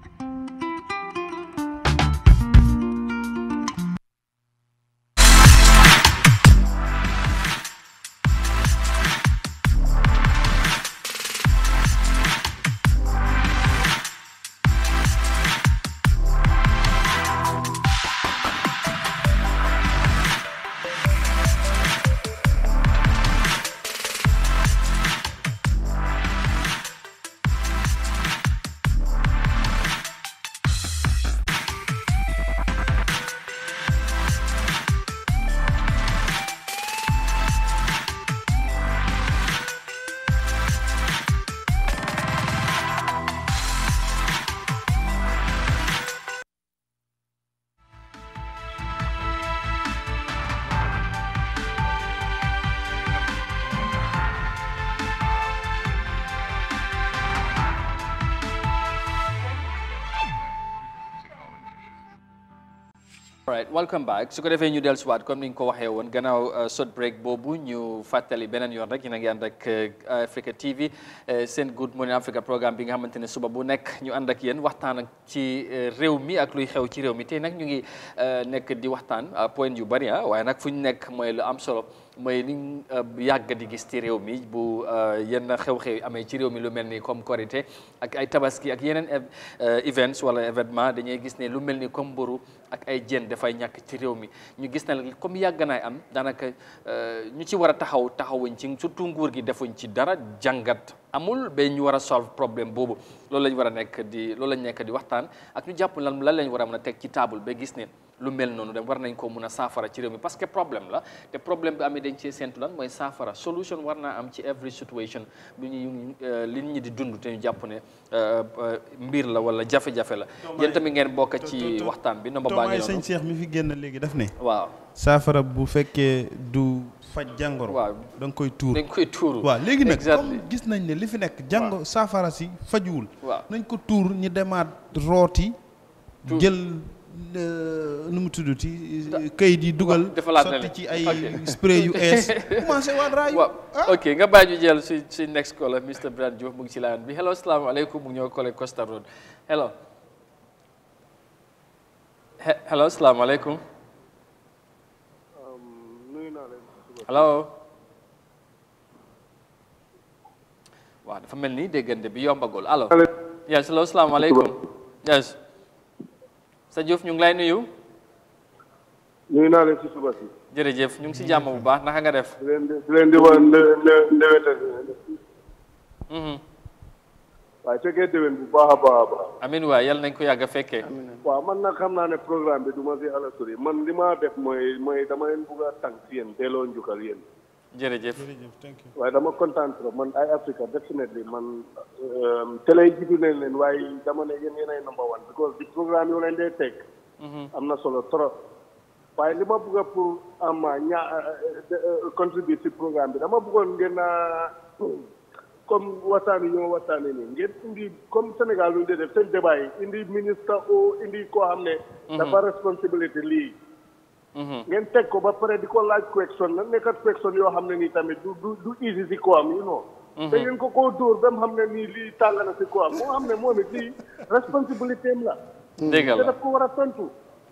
alright welcome back su ko defee ñu dellusiwaat comme ni nga ko waxee woon gannaaw euh, short break boobu ñu fàttali beneen yoon rek ñu ngi ànd ak euh, Africa TV euh, seen Good Morning Africa programme bi nga xamante ne suba bu nekk ñu ànd ak yéen waxtaan ak ci réew mi ak luy xew ci réew mi tey nag ñu ngi nekk di waxtaan point yu bari ah waaye nag fu ñu nekk mooy lu am solo. mooy liñ euh, yàgg di gis ci réew mi bu euh, yenn xew-xew yi amee ci réew mi lu mel ni comme korité ak ay tabaski ak yeneen euh, events wala événement dañuy gis ne lu mel ni comme mburu ak ay jën dafay ñàkk ci réew mi ñu gis na comme yàgg naay am daanaka ñu ci war a taxaw taxawuñ ci surtout nguur gi defuñ ci dara jàngat amul ba ñu war a solve problème boobu loolu la war a nekk di loolu la nekk di waxtaan ak ñu jàpp lan lan la ñu war a mën a teg ci table ba gis ne lu mel noonu dem war nañ koo mun a saafara ci réew mi parce que problème la te problème bi amee dañ cee séntu lan mooy saafara solution war naa am ci every situation euh, li ñi di dund te ñu jàpp ne euh, mbir la wala jafe-jafe la yéen tamit ngeen bokk ci waxtaan bi nomba baa ngi noonu sëñ mi fi génn léegi daf ne waaw saafara bu faj jàngoro. waaw da koy tuur da koy tuur. waaw léegi nag comme gis nañ ne li fi nekk. jàngo saafara si fajuwul. waaw nañ ko tuur ñu demaat rooti. jël euh, nu mu tudd ci kayit yi dugal. sotti ci ay spray yu ees. commencé waat raayu. Ah. nga bàyyi ñu jël si si next caller Mr Birane Diouf mu ngi ci laan bi hello salaamaaleykum mu ngi ñëw collègue Costa Road hello. hello salaamaaleykum. Halo. Wah, dafa mel ni déggante bi yombagul allo. yes hello salaamaaleykum. yes. sa Diouf ñu ngi lay nuyu. ñu ngi naa leen si suba si. jërëjëf ñu ngi si jàmm bu baax naka nga def. di leen di leen di woon waaw fekkee déwén bu baax a baax a baax. amiin yal nañ ko yàgg a fekkee. waaw man na xam naa ne programme bi du ma si sori man li ma def mooy mooy dama leen bugg a tànk si yéen delloo njukkal jërëjëf jërëjëf waaye dama kontaan trop man ay Africa definitely man um, télé yi jiitu nañ leen waaye dama ne yéen yéenay number one because di programme yoo leen dee teg. Mhm. am na solo trop. waaye li ma bëgg a pour am ña euh, euh, contribuer si programme bi dama bëggoon ngeen a. Uh, comme waxtaan yi ñu ma waxtaanee nii ngeen indi comme Sénégal lu ñu def seen débat yi indi ministre o indi koo xam ne. Mhm. dafa responsabilité lii. Mhm. ngeen teg ko ba pare di ko laaj question na nekkat question yoo xam ne nii tamit du du du easy si ko am yi noonu. Mhm. te ngeen ko koo dóor ba mu xam ne nii lii tàng na si ko am moo xam ne moom it lii responsabilité am la. dëgg la te daf ko war a tontu.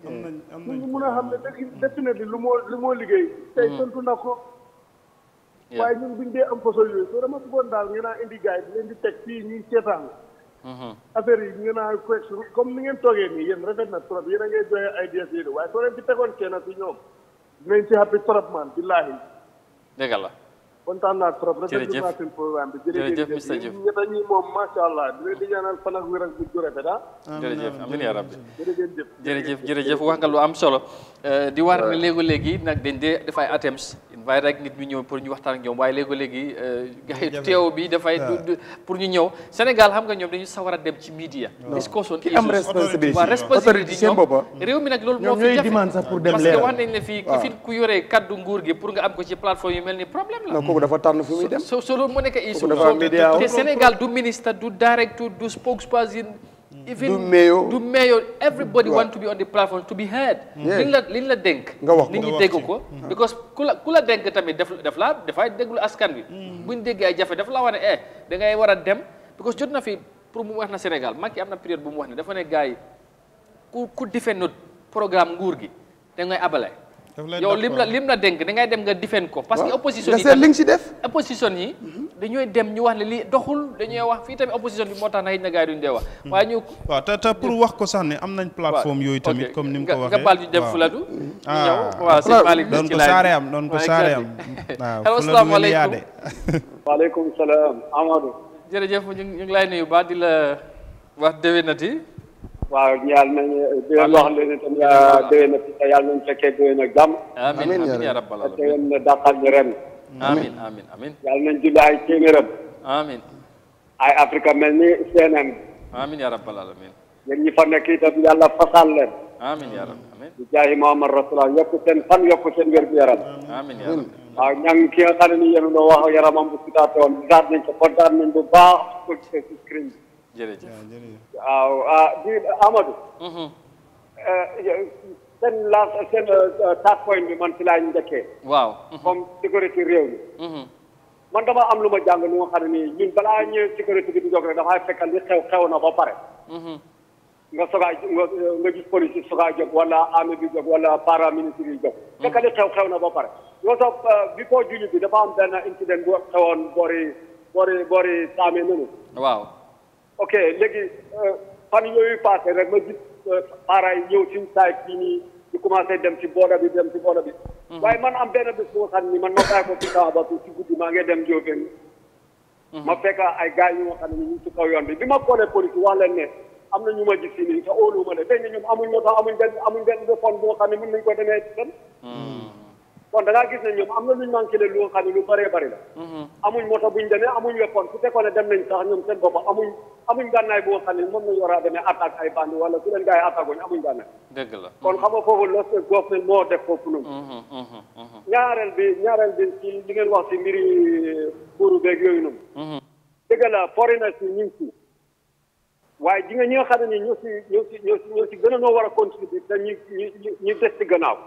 am nañ am nañ mun a xam ne def na lu moo lu moo liggéey. tey tontu na ko. waaye ñun buñ dee am façon yooyu soo dama bëggoon daal ngeen a indi gars yi leen di teg fii ñuy seetaan mm-hmm. affaire yi a comme ni ngeen toogee nii yéen rafet na trop yéen a ngay joxe ay idees waaye soo leen ci tegoon kenn ci ñoom dinañ ci happy trop man billaahi dëgg la kontaan naa trop rafetlu naa seen programme bi jërëjëf Mr Diouf ñetta ñi moom macha allah di leen di ñaanal fan ak wér ak bu ju rafet ah jërëjëf amin yaa rabbi jërëjëf jërëjëf wax nga lu am solo eh, di war ne iya. léegi léegi nag dañ dee def ay attempts invite rek nit ñu ñëw pour ñu waxtaan ak ñoom waaye léegi eh, iya, léegi gars iya. yi teew bi dafay pour ñu ñëw Sénégal xam nga ñoom dañu sawar a dem ci media discussion ki am responsabilité waa responsabilité seen boppa réew mi nag loolu moo fi jafe parce ah. que wax nañ ne fii ki fi ku yoree kaddu nguur gi pour nga am ko ci plateforme yu mel ni problème la dafa tànn fu muy dem. so so loolu moo nekk issue. Sénégal du ministre du directeur du spokesperson. Mm. even du mayor du mayor everybody want to be on the platform to be heard. liñ la denk nga wax ko nit ñi dégg ko. Mm. because ku la ku la dénk tamit daf daf laa dafay déglu askan wi. Mm. ñu déggee ay jafe daf laa wax ne eh da ngay war a dem because jot na fi pour mu wax na Sénégal Macky am na période bu mu wax ne dafa ne gaay yi ku ku defee programme nguur gi da ngay abale. yow lim la lim la dénk da ngay dem nga defend ko parce que opposition yi li ling ci def opposition yi mhm. dañooy dem ñu wax ni li doxul dañooy wax fi tamit opposition bi moo tax na na gaay duñ de wax mhm. waaye ñu wa ta ta pour wax ko sax ni am nañ plateforme yoy tamit comme nim ko waxe nga bal ju dem fuladu ah. ñëw wa c'est malik don ko sare am don ko sare am assalamu alaykum wa alaykum salaam Amadou jere jeuf ñu ngi lay nuyu ba di la wax dewe nati waaw yàlla nañu di leen wax leen itam déwén na fi yàlla nañu fekkee déwén ak jàmm. amiin amiin yaa rabbal aalamiin déwén na dàqal ñu ren. amiin amiin amiin. ay téeméeram. amiin. ay Afrique mel ni CNN. amiin yaa rabbal aalamiin. yéen ñi fa nekk itam yàlla fasal leen. amiin yaa rabbal aalamiin. di jaay Muhammad Rasulullah yokk seen fan yokk seen wér-gu-yaram. ña ki nga xam ne nii yéen a wax yaramam bu sutaate woon gisaat nañ ko kontaan nañ bu baax ko ci screen jërëjëf waaw ah di Amadou. Mm-hmm. Eh, seen lan seen eh, task point bi man si laay njëkkee. waaw mm-hmm. comme sécurité réew mi. Mm-hmm. man dama am lu ma jàng lu nga xam ne nii ñun balaa ñëwee sécurité bi di jóg rek dafay fekk li xew xew na ba pare. nga sogaa nga gis police sogaa jóg wala armée bi jóg wala paramilitaire yi jóg. fekk li xew xew na ba pare. yoo sax eh, bi ko julli bi dafa am benn incident bu xewoon boori boori boori saamee noonu. waaw. ok léegi euh, fan yooyu passé rek ma gis euh, parents yi ñëw ci saay bi nii ñu commencé dem ci booda bi dem ci booda bi. Mhm. waaye man am benn bés boo xam man ma bàyyi ko ci kaw ba ci guddi maa ngi dem Ndiobène. Mhm. ma fekk ay gars yi nga xam ne ñu ngi ci kaw yoon bi bi ma koolee police wax leen ne am na ñu ma gis fii nii te de ma ñu tey ñun amuñ moo tax amuñ benn amuñ benn téléphone boo xam ne mën nañ ko demee ci mhm. kon da gis ne ñoom am na luñ manqué leen lu nga xam ne lu bëree bëri la mhm. amuñ moto buñ demee amuñ weapon su fekkoon ne dem nañ sax ñoom seen bopp amuñ amuñ gànnaay bu nga xam ne moom nañ war a demee attaque ay bandi wala su leen gars yi attaque wuñ amuñ gànnaay dëgg la kon mhm. xam nga foofu lost government moo def foofu noonu mhm, ñaareel bi ñaareel bi ci li ngeen wax ci mbiri euh, buuru beeg yooyu noonu dëgg la foreigners yi si waaye di nga ñi nga ne ni ñoo si ñoo si ñoo si ñoo si gën a war a contribuer te ñu ñu ñu des si gannaaw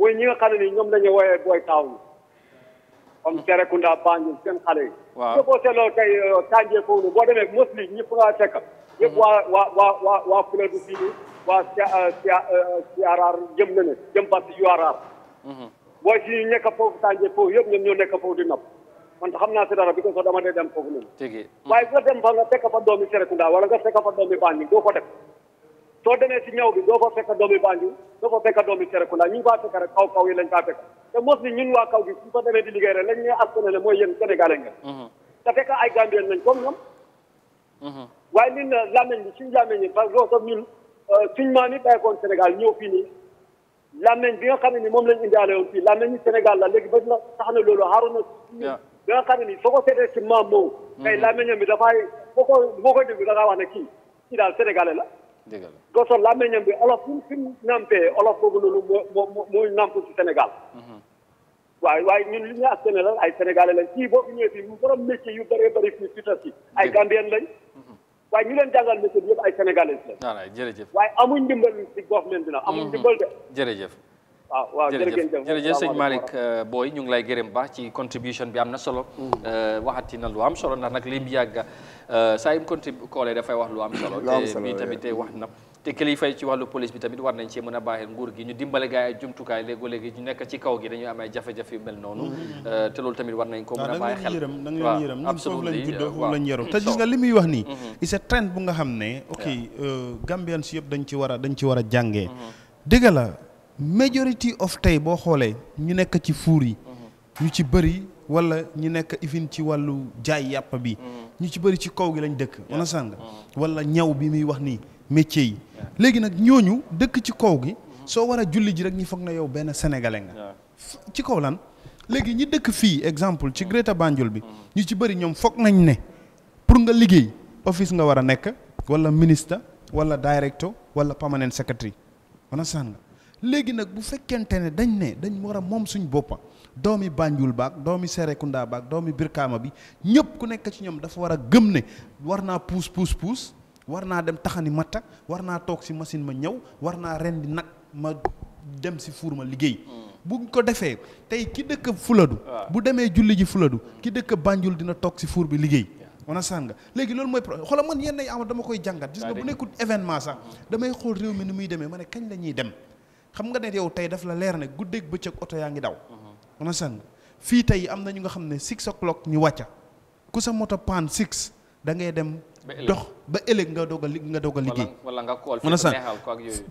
mooy ñi nga xam ni ñoom la ñu woowee booy town comme Serekunda mm. Banjul seen xale yi. waaw su ko seetloo tey euh, tànjee foofu boo demee mostly ñëpp nga fekk. ñëpp mm-hmm. waa waa waa waa waa Fule du fii nii waa CRR euh, euh, jëm na ne jëm ba si URR. Mm-hmm. booy si nekk foofu tànjee foofu yëpp ñoom ñoo nekk foofu di napp. man xam naa si dara bi ko soo dama dee dem foofu noonu. waaye bu dem fa nga fekk fa doomi Serekunda wala nga fekk fa doomi Banjul doo ko def. soo demee si ñëw bi doo fa fekk doomi Banjul doo fa fekk doomi Serekunda ñu ngi faa fekk rek kaw kaw yi lañ faa fekk te mos ni ñun waa kaw gi su fa demee di liggéey rek lañ ne askanale mooy yéen sénégalais nga mhm. te fekk ay gambien nañ comme ñoom mhm. waaye ñun làmmeñ bi suñ làmmeñ yi parce que loolu sax ñun euh, suñ maam yi bàyyeekoon Sénégal ñëw fii nii làmmeñ bi nga xam ne ni moom lañ indiaale woon la làmmeñ yi Sénégal la léegi ba la tax na loolu xaaru na bi nga xam ne nii soo ko seetee si maam moom mhm. kay làmmeñam bi dafay boo boo ko déglu da wax ne kii kii daal sénégalais la dëgg la goso làmmiñam bi olof fi fi mu nampee olof boobu noonu moo moo mooy namp ci Sénégal. Mhm. waaye waaye ñun li ñu askan la ay sénégalais lañ fii boo fi ñëwee fii borom métier yu bëree bëri fii si tas ay gambien lañ. Mhm. waaye ñu leen jàngal métier bi ay sénégalais lañ. jërëjëf. waaye amuñ ndimbal si government dina nag. amuñ mhm. ndimbal de. jërëjëf. waaw ah, waaw jërëjëf jërëjëf sëñ Malick euh, Boy ñu ngi lay gërëm baax ci contribution bi am na solo. Mm-hmm. Euh, waxati na lu am solo ndax nag li mu yàgg euh, saa yu mu contribué dafay wax lu am solo. lu am solo te bi tamit wax na. Mm-hmm. te kilifa yi ci wàllu police bi tamit war nañ cee mën a baaxee nguur gi ñu dimbale gaay ay jumtukaay léegoo léegi ñu nekk ci kaw gi dañuy am ay jafe-jafe yu mel noonu mm-hmm. te loolu tamit war nañ ko mën a ah, bàyyi xel waaw da nga leen yërëm ñun foofu lañ juddoo foofu lañ yaru te gis nga li muy wax nii c'est trend bu nga xam ne ok Gambians yëpp dañ ci war a dañ ci war a jàngee dëgg la majority of tey boo xoolee ñu nekk ci fuur yi uh-huh. ñu ci bëri wala ñu nekk ifin ci wàllu jaay yàpp bi uh-huh. ñu ci bëri ci kaw gi lañ dëkk on sàng uh-huh. wala ñaw bi muy wax nii métier yi léegi nag ñooñu dëkk ci kaw gi soo war a julli ji rek ñi foog na yow benn sénégalais nga ci kaw léegi ñi dëkk fii exemple ci Greater bi ñu ci bëri ñoom foog nañ ne pour nga liggéey office nga war a nekk wala ministre wala directeur wala permanent secretary on sàng léegi nag bu fekkente ne dañ ne dañ war a moom suñ boppa doomi Banjul baag doomi Serekunda baag doomi Birkaama bi ñëpp ku nekk ci ñoom dafa war a gëm ne war naa puus puus puus war naa dem taxani matta war naa toog si machine ma ñëw war naa rendi nag ma dem si fuur ma liggéey hmm. buñ ko defee tey ki dëkk fuladu ah. bu demee julli ji fuladu ki dëkk Banjul dina toog si fuur bi liggéey wanasaan nga léegi loolu mooy problème xoolal man yenn ay ama dama koy jàngat gis nga bu nekkul événement sax damay xool réew ni muy demee ma ne kañ la ñuy dem xam nga ne yow tey daf la leer ne guddeeg bëccëg oto yaa ngi daw. on uh-huh. sàng fii tey am na ñu nga xam ne six o'clock ñu wàcca ku sa moto panne six da ngay dem. dox ba ëllëg nga doog a li nga doog a liggéey. wala nga kool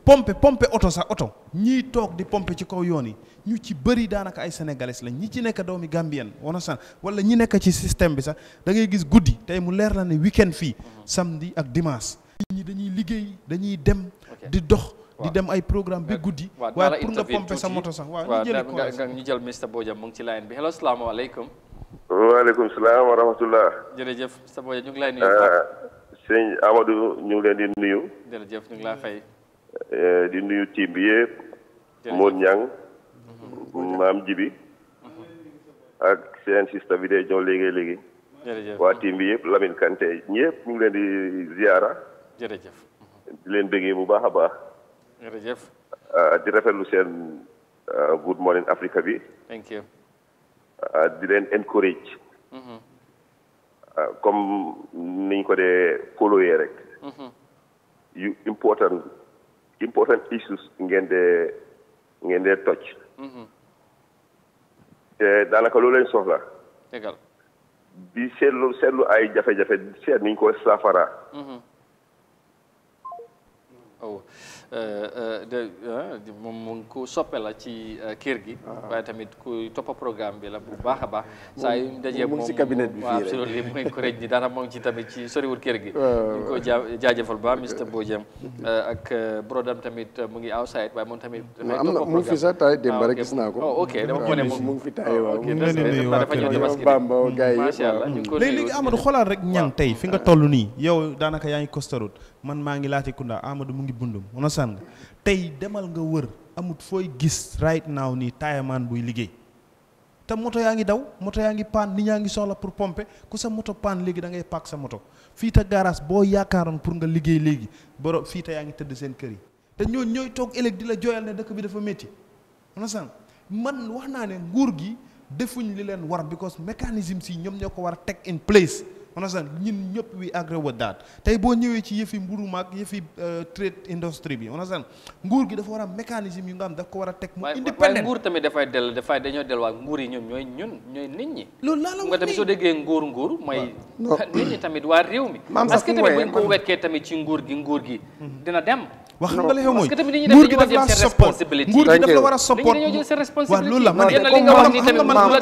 pompe pompe oto sax oto. ñiy toog di pompe ci kaw yoon yi ñu ci bëri daanaka ay sénégalais lañ ñi ci nekk doomi Gambien wana san wala ñi nekk ci système bi sax da ngay gis guddi tey mu leer la ne weekend fii. Uh-huh. samedi ak dimaas nit ñi dañuy liggéey dañuy dem di dox. di dem ay programme bi goudi waaye pour nga pomper sa moto sax waaw ñu jël ko nga ñu jël Mr Bodia mu ngi ci line bi hello alaykum wa alaykum salaam wa rahmatullah jere jërëjëf sa bodia ñu iya, eh, ngi lay nuyu sëñ Amadou ñu ngi leen di nuyu jere jërëjëf ñu ngi laa fay eh, di nuyu team bi yëpp mo ñang maam Jibi mhm. ak seen sister bi day jox léegi léegi wa team bi yëpp Lamine Kanté ñepp ñu ngi leen di jere jërëjëf di len bëggee bu baaxa baax jërëjëf euh, di rafetlu seen euh, Good Morning Africa bi. Euh, di leen encourage. Mm-hmm. comme niñ ko dee followee rek. Mm-hmm. yu important issues ngeen dee ngeen dee toj. Mm-hmm. te daanaka loolu lañ soxla. dëggal di seetlu seetlu ay jafe-jafe seet niñ ko saafara. Oh. Euh, euh, de euh, moom mun ku soppe la ci kër gi. Ah. waaye tamit ku toppa programme bi la bu baax a baax. saa yu ñu dajee moom mu ngi si cabinet bi ngi ko dara moo ngi ci tamit ci soriwul kër gi. ñu ngi ko jaajëfal ba Mr Bojang ak brodam tamit mu ngi outside waaye moom tamit. am na mu ngi fi sax taay démb ah, rek gis naa ko. Oh, ok dama ko ne mu ngi fi taay waaw. ok dama hmm, léegi rek ñan tey fi nga ah. toll nii yow daanaka yaa ngi Costa Road man maa ngi laati Kunda Amadou mu ngi bundum artisan nga tey demal nga wër amut fooy gis right now nii taayamaan buy liggéey te moto yaa ngi daw moto yaa ngi paan nit ñaa ngi soxla pour pomper ku sa moto paan léegi da ngay paak sa moto fii te boo yaakaaroon pour nga liggéey léegi boro fii te yaa ngi tëdd seen kër yi te ñoo ñooy toog ëllëg di la jooyal ne dëkk bi dafa métti understand man wax naa ne nguur gi defuñ li leen war because mécanisme si ñoom ñoo ko war a teg in place understand ñun ñëpp we agree with that tey boo ñëwee ci yëfi mburu maag yëfi euh, trade industry bi san nguur gi dafa war a mécanisme yu nga xam daf ko war a teg mu indépendant nguur tamit dafay dellu dafay dañoo delluwaat nguur yi ñoom ñooy ñun ñooy nit ñi loolu la nga tamit soo déggee nguur nguur mooy nit ñi tamit waa réew mi parce que tamit gi nguur gi mhm. dina dem wax nga li xew a loolu la man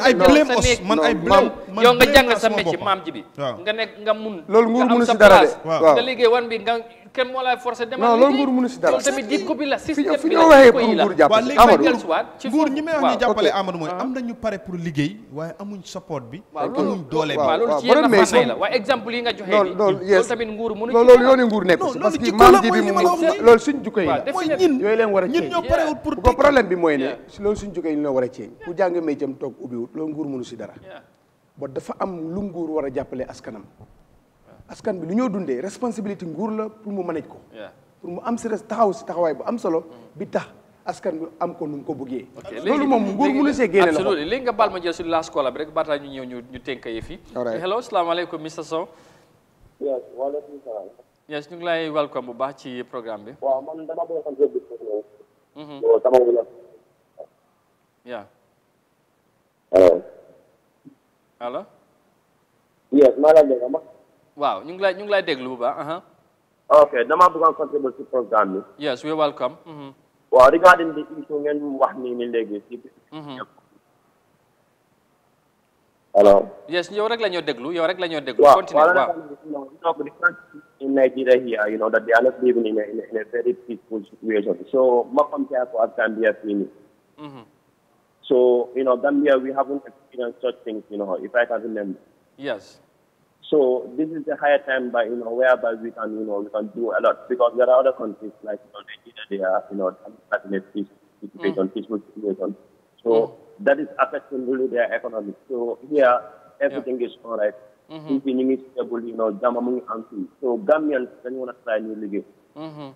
ay blame os man ay blame yow nga jàng sa métier maam ji nga nekk nga mun. loolu nguur mënu si dara de waaw nga liggéey wan kenn moo lay forcé nguur mënu si dara loolu tamit jiit ko bi la. système bi pour nguur ñi may wax ñu jàppale Amadou mooy ah. am nañu pare pour liggéey waaye amuñ support bi. bi waaw loolu ci yenn fànn la yi nga joxe nii. loolu tamit nguur mënu ci dara loolu yoonu nguur nekk si parce que maam ji bi moom loolu suñ jukko yi la loolu war a ceeñ ku jàng métier am ubbiwut loolu nguur mënu si dara ba dafa am lu nguur wara a askanam askan bi lu ñoo dundee responsabilité nguur la pour mu manaj ko pour mu am res taxaw ci taxaway bu am solo bi tax askan bi am ko nu ko bëggé lolu mom nguur mënu see génne la absolument li nga bal ma jël ci la scola bi rek baataa ñu ñëw ñu ñu tënk yëf yi hello Mr so yes waaleykum salaam yes ñu lay welcome bu baax ci programme bi waaw man dama bëgg xam yëpp sama wala. la allo. yes maa ma. waaw ñu ngi lay ñu ngi lay déglu bu baax. ok damaa programme yes we welcome. Mhm. waaw regarding the issue ngeen wax nii ni léegi si. Mhm. alors. yes yow rek la ñoo déglu yow rek la ñoo déglu. continue waaw la nga in Nigeria here you know that they are not living in a in a peaceful situation so ma compare ko ak Gambia fii nii. Mhm. So, you know, Gambia, we haven't experienced such things, you know, if I can remember. Yes. So this is the higher time by, you know, whereby we can, you know, we can do a lot because there are other countries like, you know, Nigeria, they are, you know, democratic situation, mm. peaceful situation. So mm. that is affecting really their economy. So here, everything yeah. is all right. Mm-hmm. Everything is stable, you know, Jamamung So Gambians, want to try new league. Mm-hmm.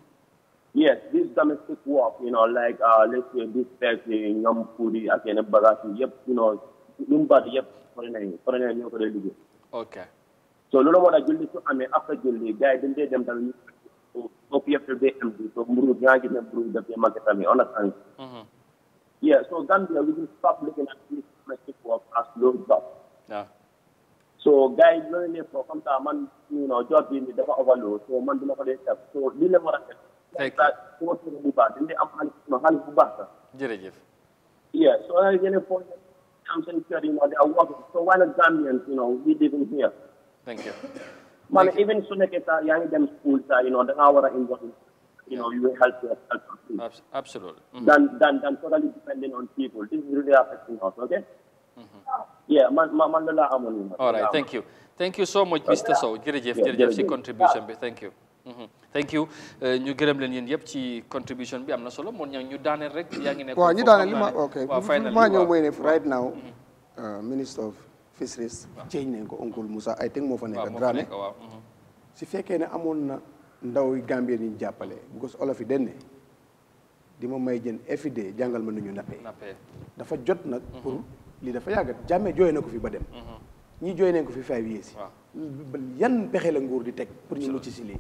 Yes, this domestic work, you know, like uh, let's say this factory, Yampuri, Akene Bagasi, yep, you know, Lumbati, yep, for for foreign foreign yoko Okay. So lolo mo da julli so amé after julli gaay dañ dé dem dal so after they empty, so mburu ñaagi dem mburu da be market amé on understand. Mhm. Yeah, so Gambia we will stop looking at this domestic work as low job. Yeah. So guys, learning for some time, you know, job being the overload. So man, do not So this level thank you bu yeah so you are working so you know we here thank you even su nekkee sax school you know the hour war a you know, you will help yourself. Abs absolutely. Mm -hmm. Than, than, than totally depending on people. This is really affecting us, okay? Mm -hmm. Yeah, man, man, man, All right, thank you. Thank you so much, Mr. So. Jerejef, Jerejef, contribution. Thank you. Mhm. thank you euh, ñu gërëm leen yéen yëpp ci contribution bi am na solo moon ña ñu daaneel rek yaa ngi nekk waaw ñu daaneel li ma ok maa ñëw mooy ne right now mhm. euh, minister of fisheries change nañ ko oncle Moussa I think moo fa nekk Dramé mhm. si fekkee ne amoon na ndaw yi Gambie ñu jàppale because olof yi den ne di ma may jën everyday jàngal ma nu ñu nappee dafa jot nag pour lii dafa yàggat jàmme jooy na ko fi ba dem ñi jooy nañ ko fi five years yan pexe la nguur di teg pour ñu mucc si lii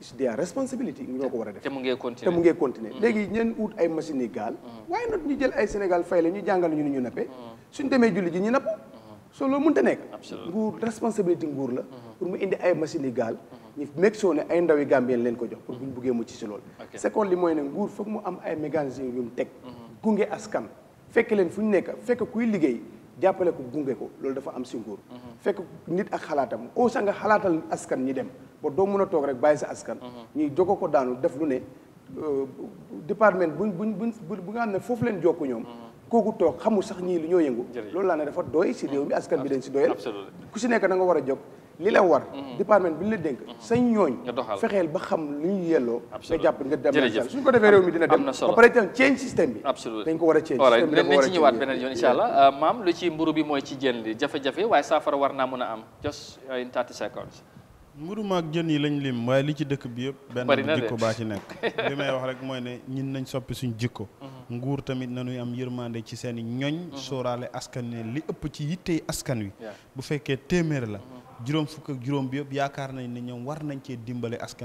it's their responsibility ñoo ko war a def te mu ngee continuer te mu ngee continuer mm. léegi ñeen ut ay machines yi gaal mm. waaye not ñu jël ay Sénégal fay la ñu jàngal ñu ni ñu nappe mm. suñ demee julli ji ñi napp mm-hmm. soo loolu mënta nekk nguur responsabilité nguur la mm-hmm. pour mu indi ay machine yi gaal mm-hmm. ñu meeg soo ne ay ndawi Gambien leen ko jox pour bu ñu buggee mucc si loolu second li mooy ne nguur foog mu am ay mécanisme yu mu teg gunge askan fekk leen fu ñu nekk fekk kuy liggéey jàppale ko gunge ko loolu dafa am si nguur. fekk nit ak xalaatam au sa nga xalaatal askan ñi dem ba doo mun a toog rek bàyyi sa askan. ñuy jokkoo ko daanu def lu ne euh, département buñ buñ buñ bu nga xam ne foofu leen jokku ñoom. kooku toog xamul sax ñii lu ñoo yëngu. loolu laa ne dafa doy si réew mi askan bi dañ si doyal. ku si nekk da nga war a jóg. li la war. Mm-hmm. département bi ñu la dénk. Mm-hmm. sañ ñooñ. fexeel ba xam lu ñu yelloo. nga jàpp suñ ko defee réew mi dina dem. am ko war a change système bi dañ ci ñëwaat beneen yoon incha allah euh, maam lu ci mburu bi mooy ci jën li jafe-jafe waaye saafara war naa mën a am just uh, in 30 mburu maag jën yi lañ lim waaye li ci dëkk bi yëpp benn jikko baa ci nekk li may wax rek mooy ne ñin nañ soppi suñ jikko mm-hmm. nguur tamit nañuy am yërmande ci seen i ñoñ sóoraale askan ne li ëpp ci yittey askan wi bu fekkee téeméer la juróom fukk ak juróom bi yëpp yaakaar nañ ne ñoom war nañ cee dimbale askan